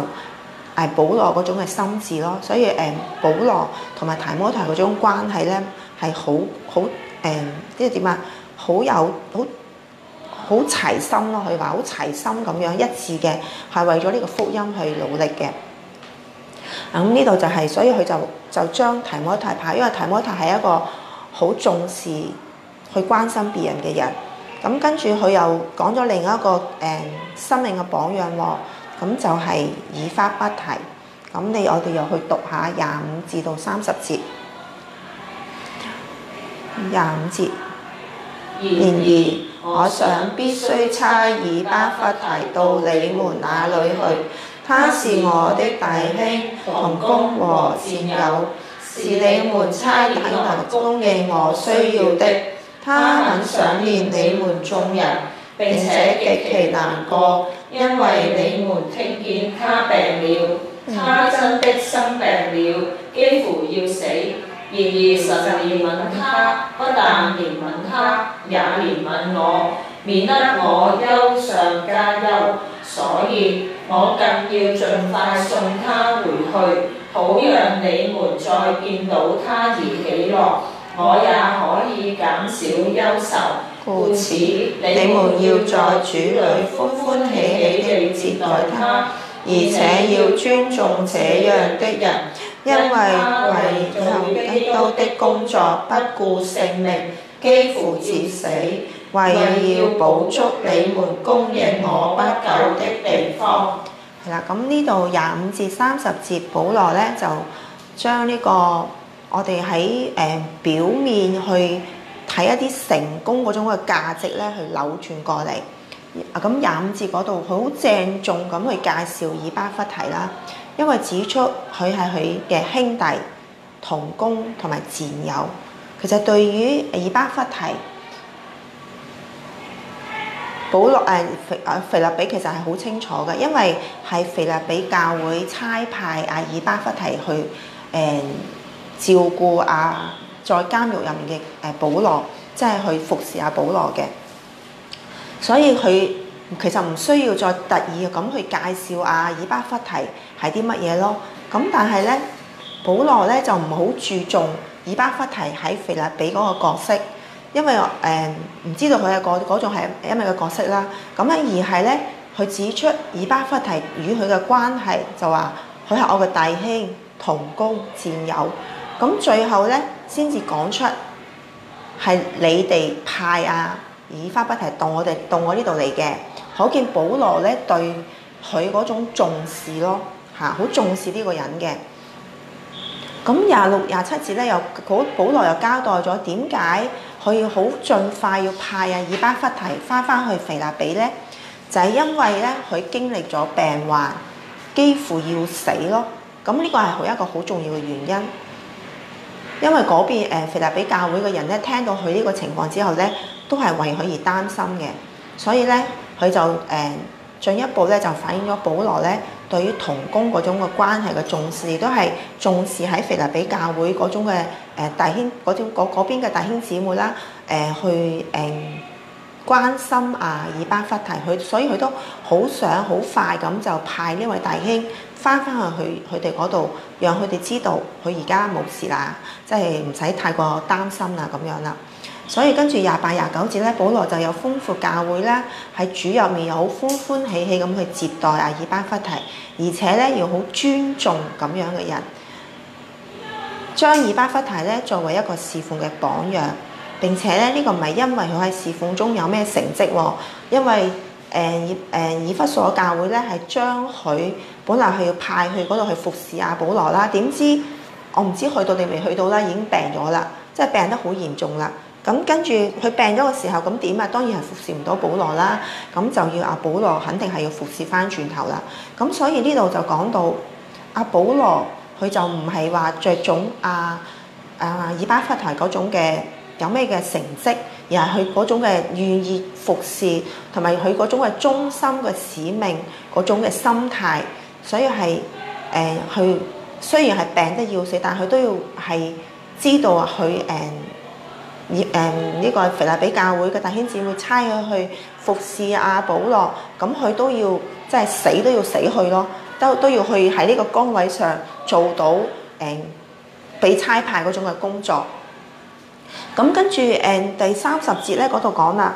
誒保羅嗰種嘅心智咯。所以誒、呃、保羅同埋提摩太嗰種關係咧係好好誒，即係點啊？好、呃、有好。好齊心咯，佢話好齊心咁樣一致嘅，係為咗呢個福音去努力嘅。啊、嗯，咁呢度就係、是，所以佢就就將提摩太派，因為提摩太係一個好重視去關心別人嘅人。咁、嗯、跟住佢又講咗另一個誒、呃、生命嘅榜樣喎，咁、嗯、就係、是、以巴弗提。咁、嗯、你我哋又去讀下廿五至到三十節，廿五節，然而意。我想必須差以巴弗提到你們那裏去，他是我的弟兄同工和戰友，是你們差隊能供應我需要的。他很想念你們眾人，並且極其難過，因為你們聽見他病了，他真的生病了，幾乎要死。然而神憐憫他，不但憐憫他，也憐憫我，免得我憂上加憂，所以，我更要盡快送他回去，好讓你們再見到他而喜樂，我也可以減少憂愁。故此你故事，你們要在主裏歡歡喜喜地接待他，而且要尊重這樣的人。因為為做基督的工作，不顧性命，幾乎致死，為要補足你們供應我不夠的地方。係啦，咁呢度廿五至三十節，保羅咧就將呢、呢個我哋喺誒表面去睇一啲成功嗰種嘅價值咧，去扭轉過嚟。啊，咁廿五節嗰度好鄭重咁去介紹以巴弗提啦。因為指出佢係佢嘅兄弟、同工同埋戰友，其實對於以巴弗提保羅誒、啊、肥誒腓、啊、立比其實係好清楚嘅，因為係腓立比教會差派阿以巴弗提去誒、嗯、照顧阿在監獄入面嘅誒保羅，即係去服侍阿、啊、保羅嘅，所以佢其實唔需要再特意咁去介紹阿以巴弗提。係啲乜嘢咯？咁但係咧，保羅咧就唔好注重以巴弗提喺腓立比嗰個角色，因為誒唔、呃、知道佢係嗰嗰種係因為嘅角色啦。咁咧而係咧，佢指出以巴弗提與佢嘅關係就話佢係我嘅弟兄、同工、戰友。咁最後咧先至講出係你哋派啊以巴弗提到我哋到我呢度嚟嘅，可見保羅咧對佢嗰種重視咯。嚇，好、啊、重視呢個人嘅。咁廿六廿七節咧，又保保羅又交代咗點解佢要好盡快要派阿以巴弗提翻翻去腓立比咧，就係、是、因為咧佢經歷咗病患，幾乎要死咯。咁呢個係佢一個好重要嘅原因，因為嗰邊、呃、腓立比教會嘅人咧，聽到佢呢個情況之後咧，都係為佢而擔心嘅，所以咧佢就誒。呃進一步呢，就反映咗保羅呢對於同工嗰種嘅關係嘅重視，亦都係重視喺腓立比教會嗰種嘅誒大兄嗰種嗰嗰邊嘅大兄姊妹啦，誒去誒關心亞爾巴法提，佢所以佢都好想好快咁就派呢位大兄返返去佢佢哋嗰度，讓佢哋知道佢而家冇事啦，即係唔使太過擔心啦咁樣啦。所以跟住廿八廿九節咧，保羅就有豐富教會啦，喺主入面又好歡歡喜喜咁去接待阿爾巴弗提，而且咧要好尊重咁樣嘅人，將爾巴弗提咧作為一個侍奉嘅榜樣。並且咧呢、呢個唔係因為佢喺侍奉中有咩成績喎，因為誒誒爾弗所教會咧係將佢本來係要派去嗰度去服侍阿保羅啦，點知我唔知去到定未去到啦，已經病咗啦，即係病得好嚴重啦。咁跟住佢病咗嘅時候，咁點啊？當然係服侍唔到保羅啦。咁就要阿保羅肯定係要服侍翻轉頭啦。咁所以呢度就講到阿保羅佢就唔係話着重阿啊，啊以巴弗提嗰種嘅有咩嘅成績，而係佢嗰種嘅願意服侍，同埋佢嗰種嘅忠心嘅使命嗰種嘅心態。所以係誒，佢、呃、雖然係病得要死，但佢都要係知道啊，佢、呃、誒。誒呢個腓立比教會嘅大圈子會差佢去服侍阿保羅，咁佢都要即係死都要死去咯，都都要去喺呢個崗位上做到誒俾差派嗰種嘅工作。咁、嗯、跟住誒、嗯、第三十節咧嗰度講啦，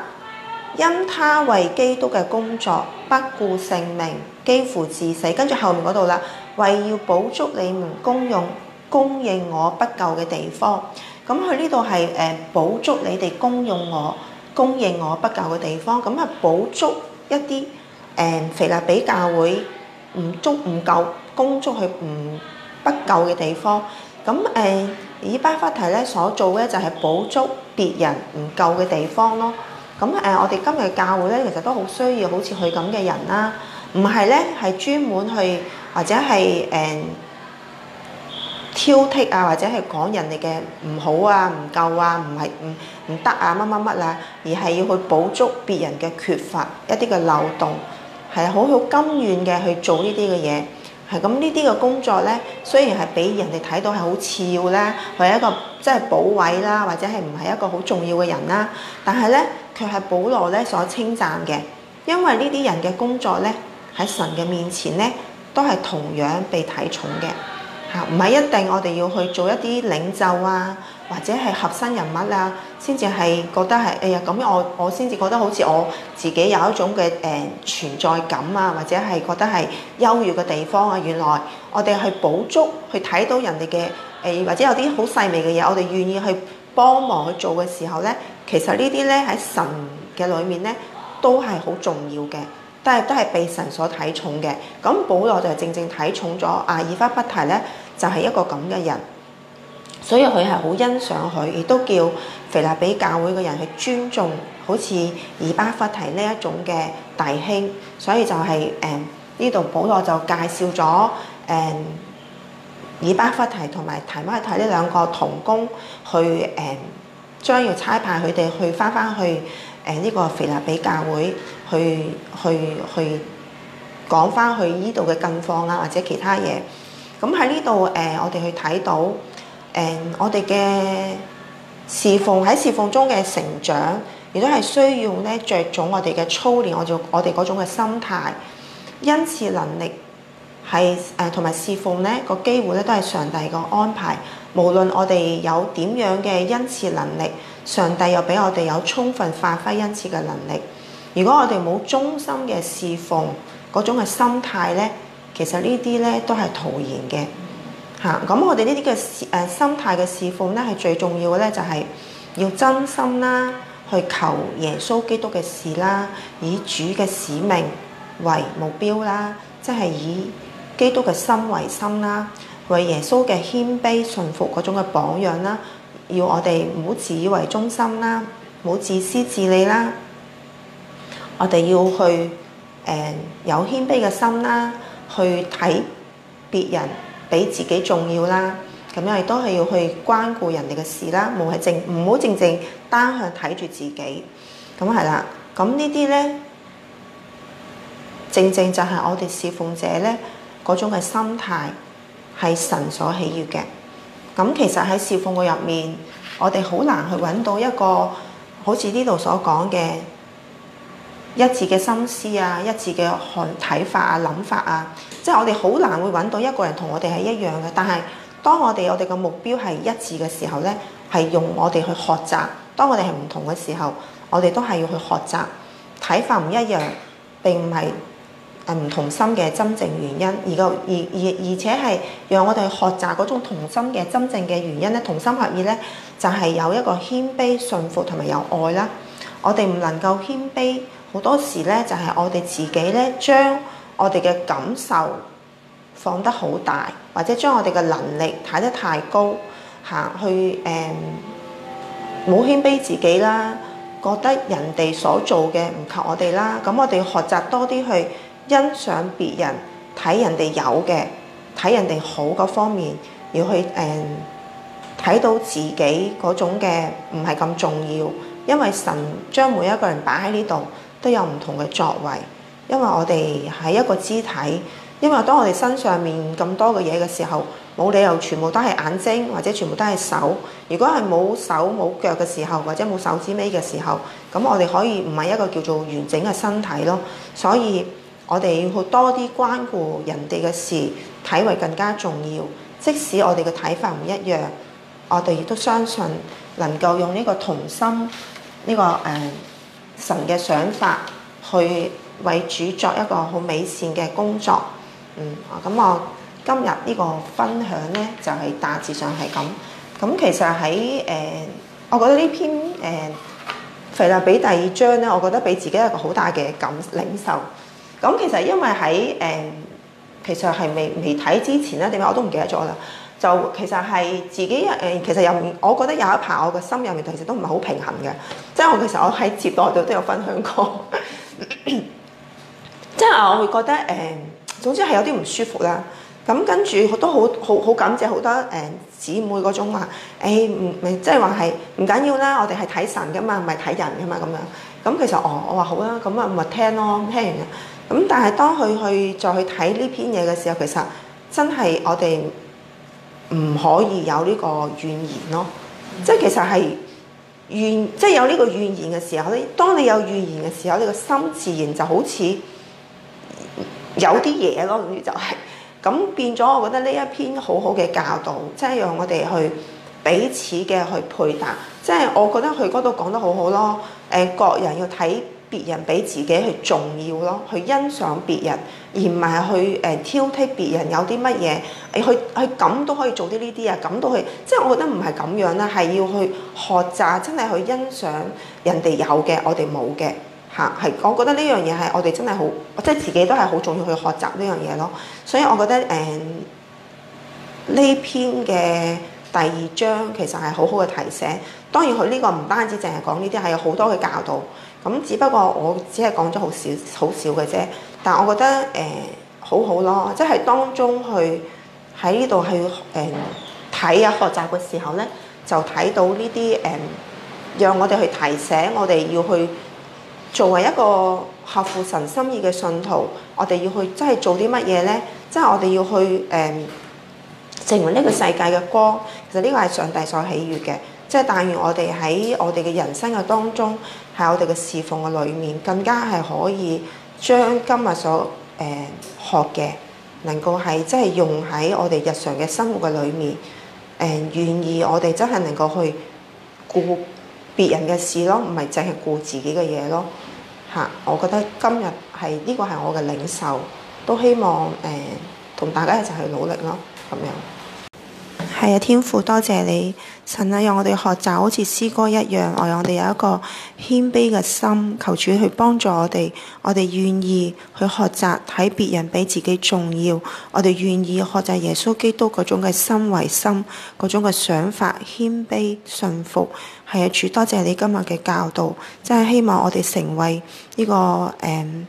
因他為基督嘅工作不顧性命，幾乎致死。跟住後面嗰度啦，為要補足你們公用、供應我不夠嘅地方。咁佢呢度係誒補足你哋供用我供應我不夠嘅地方，咁啊補足一啲誒、嗯、腓立比教會唔足唔夠供足去唔不夠嘅地方，咁、嗯、誒、嗯、以巴弗提咧所做咧就係補足別人唔夠嘅地方咯。咁、嗯、誒、嗯嗯、我哋今日教會咧其實都好需要好似佢咁嘅人啦、啊，唔係咧係專門去或者係誒。嗯挑剔啊，或者係講人哋嘅唔好啊、唔夠啊、唔係唔唔得啊、乜乜乜啊，而係要去補足別人嘅缺乏、一啲嘅漏洞，係好好甘願嘅去做呢啲嘅嘢。係咁呢啲嘅工作呢，雖然係俾人哋睇到係好次要啦，佢係一個即係補位啦，或者係唔係一個好重要嘅人啦，但係呢，佢係保羅呢所稱讚嘅，因為呢啲人嘅工作呢，喺神嘅面前呢，都係同樣被睇重嘅。唔係一定我哋要去做一啲領袖啊，或者係核心人物啊，先至係覺得係，哎呀咁樣我我先至覺得好似我自己有一種嘅誒、呃、存在感啊，或者係覺得係優越嘅地方啊。原來我哋去補足，去睇到人哋嘅誒，或者有啲好細微嘅嘢，我哋願意去幫忙去做嘅時候呢，其實呢啲呢喺神嘅裏面呢，都係好重要嘅。但係都係被神所睇重嘅，咁保羅就正正睇重咗阿以巴弗提咧就係、是、一個咁嘅人，所以佢係好欣賞佢，亦都叫腓立比教會嘅人去尊重好似以巴弗提呢一種嘅弟兄，所以就係誒呢度保羅就介紹咗誒以巴弗提同埋提摩太呢兩個同工去誒將、嗯、要差派佢哋去翻翻去誒呢、嗯這個腓立比教會。去去去講翻去呢度嘅近況啊，或者其他嘢。咁喺呢度誒，我哋去睇到誒、呃，我哋嘅侍奉喺侍奉中嘅成長，亦都係需要呢着重我哋嘅操練，我做我哋嗰種嘅心態恩賜能力係誒，同埋侍奉呢個機會咧都係上帝個安排。無論我哋有點樣嘅恩賜能力，上帝又俾我哋有充分發揮恩賜嘅能力。如果我哋冇忠心嘅侍奉嗰種嘅心態咧，其實呢啲咧都係徒然嘅嚇。咁、啊、我哋呢啲嘅誒心態嘅侍奉咧，係最重要嘅咧，就係要真心啦，去求耶穌基督嘅事啦，以主嘅使命為目標啦，即係以基督嘅心為心啦，為耶穌嘅謙卑順服嗰種嘅榜樣啦，要我哋唔好自以為中心啦，唔好自私自利啦。我哋要去誒、呃、有謙卑嘅心啦，去睇別人比自己重要啦，咁樣亦都係要去關顧人哋嘅事啦，冇係淨，唔好淨淨單向睇住自己，咁係啦，咁呢啲咧正正就係我哋侍奉者咧嗰種嘅心態係神所喜悅嘅。咁其實喺侍奉嘅入面，我哋好難去揾到一個好似呢度所講嘅。一致嘅心思啊，一致嘅看睇法啊，諗法啊，即係我哋好難會揾到一個人同我哋係一樣嘅。但係當我哋我哋嘅目標係一致嘅時候咧，係用我哋去學習。當我哋係唔同嘅時候，我哋都係要去學習。睇法唔一樣，並唔係唔同心嘅真正原因，而個而而而且係讓我哋學習嗰種同心嘅真正嘅原因咧，同心合意咧就係有一個謙卑、順服同埋有愛啦。我哋唔能夠謙卑。好多時咧，就係、是、我哋自己咧，將我哋嘅感受放得好大，或者將我哋嘅能力睇得太高，行去誒冇、嗯、謙卑自己啦，覺得人哋所做嘅唔及我哋啦。咁我哋要學習多啲去欣賞別人，睇人哋有嘅，睇人哋好嗰方面，要去誒睇、嗯、到自己嗰種嘅唔係咁重要，因為神將每一個人擺喺呢度。都有唔同嘅作為，因為我哋係一個肢體，因為當我哋身上面咁多嘅嘢嘅時候，冇理由全部都係眼睛或者全部都係手。如果係冇手冇腳嘅時候，或者冇手指尾嘅時候，咁我哋可以唔係一個叫做完整嘅身體咯。所以我哋要去多啲關顧人哋嘅事，體為更加重要。即使我哋嘅睇法唔一樣，我哋亦都相信能夠用呢個同心呢、這個誒。Uh, 神嘅想法，去為主作一個好美善嘅工作。嗯，咁我今日呢個分享呢，就係、是、大致上係咁。咁其實喺誒、呃，我覺得呢篇誒腓立比第二章呢，我覺得俾自己一個好大嘅感領受。咁其實因為喺誒、呃，其實係未未睇之前咧，點解我都唔記得咗啦。就其實係自己誒、呃，其實又我覺得有一排我嘅心入面，其實都唔係好平衡嘅。即係我其實我喺接待度都有分享過， *coughs* 即係我會覺得誒、呃，總之係有啲唔舒服啦。咁跟住都好好好感謝好多誒姊、呃、妹嗰種、哎、是是嘛。誒唔即係話係唔緊要啦，我哋係睇神㗎嘛，唔係睇人㗎嘛咁樣。咁其實我我話好啦，咁啊咪聽咯，聽完咁。但係當佢去再去睇呢篇嘢嘅時候，其實真係我哋。唔可以有呢個怨言咯，即係其實係怨，即係有呢個怨言嘅時候咧。當你有怨言嘅時候，你、這個心自然就好似有啲嘢咯，總之就係、是、咁變咗。我覺得呢一篇好好嘅教導，即係讓我哋去彼此嘅去配搭，即係我覺得佢嗰度講得好好咯。誒，各人要睇。別人比自己去重要咯，去欣賞別人，而唔係去誒挑剔別人有啲乜嘢，去去咁都可以做啲呢啲啊，咁都去即係我覺得唔係咁樣啦，係要去學習，真係去欣賞人哋有嘅，我哋冇嘅嚇，係我覺得呢樣嘢係我哋真係好，即係自己都係好重要去學習呢樣嘢咯。所以我覺得誒呢篇嘅第二章其實係好好嘅提醒。當然佢呢個唔單止淨係講呢啲，係有好多嘅教導。咁只不過我只係講咗好少好少嘅啫，但我覺得誒、呃、好好咯，即係當中去喺呢度去誒睇啊學習嘅時候咧，就睇到呢啲誒，讓我哋去提醒我哋要去作為一個合乎神心意嘅信徒，我哋要去即係做啲乜嘢咧？即係我哋要去誒、呃、成為呢個世界嘅光。其實呢個係上帝所喜悅嘅，即係但願我哋喺我哋嘅人生嘅當中。喺我哋嘅侍奉嘅裏面，更加係可以將今日所誒、呃、學嘅，能夠係即係用喺我哋日常嘅生活嘅裏面。誒、呃、願意我哋真係能夠去顧別人嘅事咯，唔係淨係顧自己嘅嘢咯。嚇、啊，我覺得今日係呢個係我嘅領受，都希望誒同、呃、大家一齊去努力咯，咁樣。係啊，天父，多謝你。神啊，讓我哋學習好似詩歌一樣，我哋有一個謙卑嘅心，求主去幫助我哋。我哋願意去學習睇別人比自己重要，我哋願意學習耶穌基督嗰種嘅心為心，嗰種嘅想法謙卑順服。係啊，主，多謝你今日嘅教導，真係希望我哋成為呢、這個誒、嗯、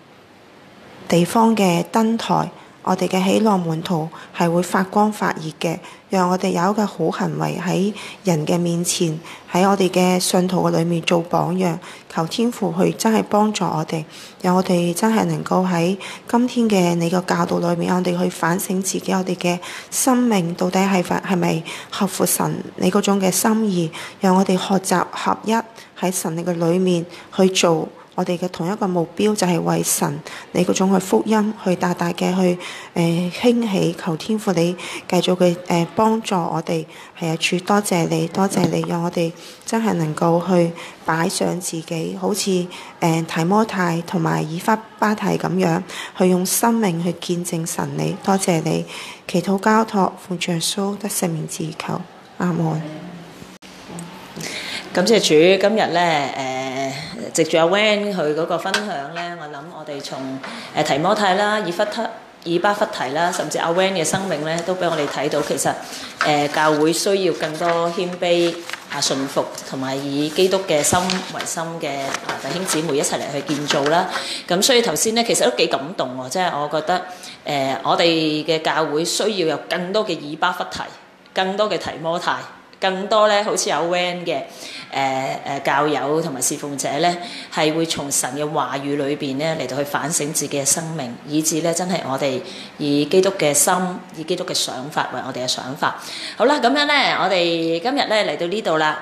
地方嘅燈台。我哋嘅喜樂門徒係會發光發熱嘅，讓我哋有一個好行為喺人嘅面前，喺我哋嘅信徒嘅裏面做榜樣。求天父去真係幫助我哋，讓我哋真係能夠喺今天嘅你嘅教導裏面，我哋去反省自己，我哋嘅生命到底係否係咪合乎神你嗰種嘅心意？讓我哋學習合一喺神你嘅裏面去做。我哋嘅同一個目標就係為神你嗰種嘅福音去大大嘅去誒、呃、興起，求天父你繼續嘅誒、呃、幫助我哋，係啊主，多謝你，多謝你，讓我哋真係能夠去擺上自己，好似誒提摩太同埋以巴弗提咁樣去用生命去見證神你。多謝你，祈禱交託，奉主耶穌得聖名祈求，阿門。感謝主，今日呢。誒、呃。藉住阿 WAN 佢嗰個分享呢，我諗我哋從誒提摩太啦、以弗特、以巴弗提啦，甚至阿 WAN 嘅生命呢，都俾我哋睇到其實誒、呃、教會需要更多謙卑、啊順服同埋以，以基督嘅心為心嘅、啊、弟兄姊妹一齊嚟去建造啦。咁、啊、所以頭先呢，其實都幾感動喎，即、啊、係我覺得誒、呃、我哋嘅教會需要有更多嘅以巴弗提、更多嘅提摩太。更多呢，好似有 WAN 嘅，誒、呃、誒、呃、教友同埋侍奉者呢，係會從神嘅話語裏邊呢嚟到去反省自己嘅生命，以致呢真係我哋以基督嘅心，以基督嘅想法為我哋嘅想法。好啦，咁樣呢，我哋今日呢嚟到呢度啦。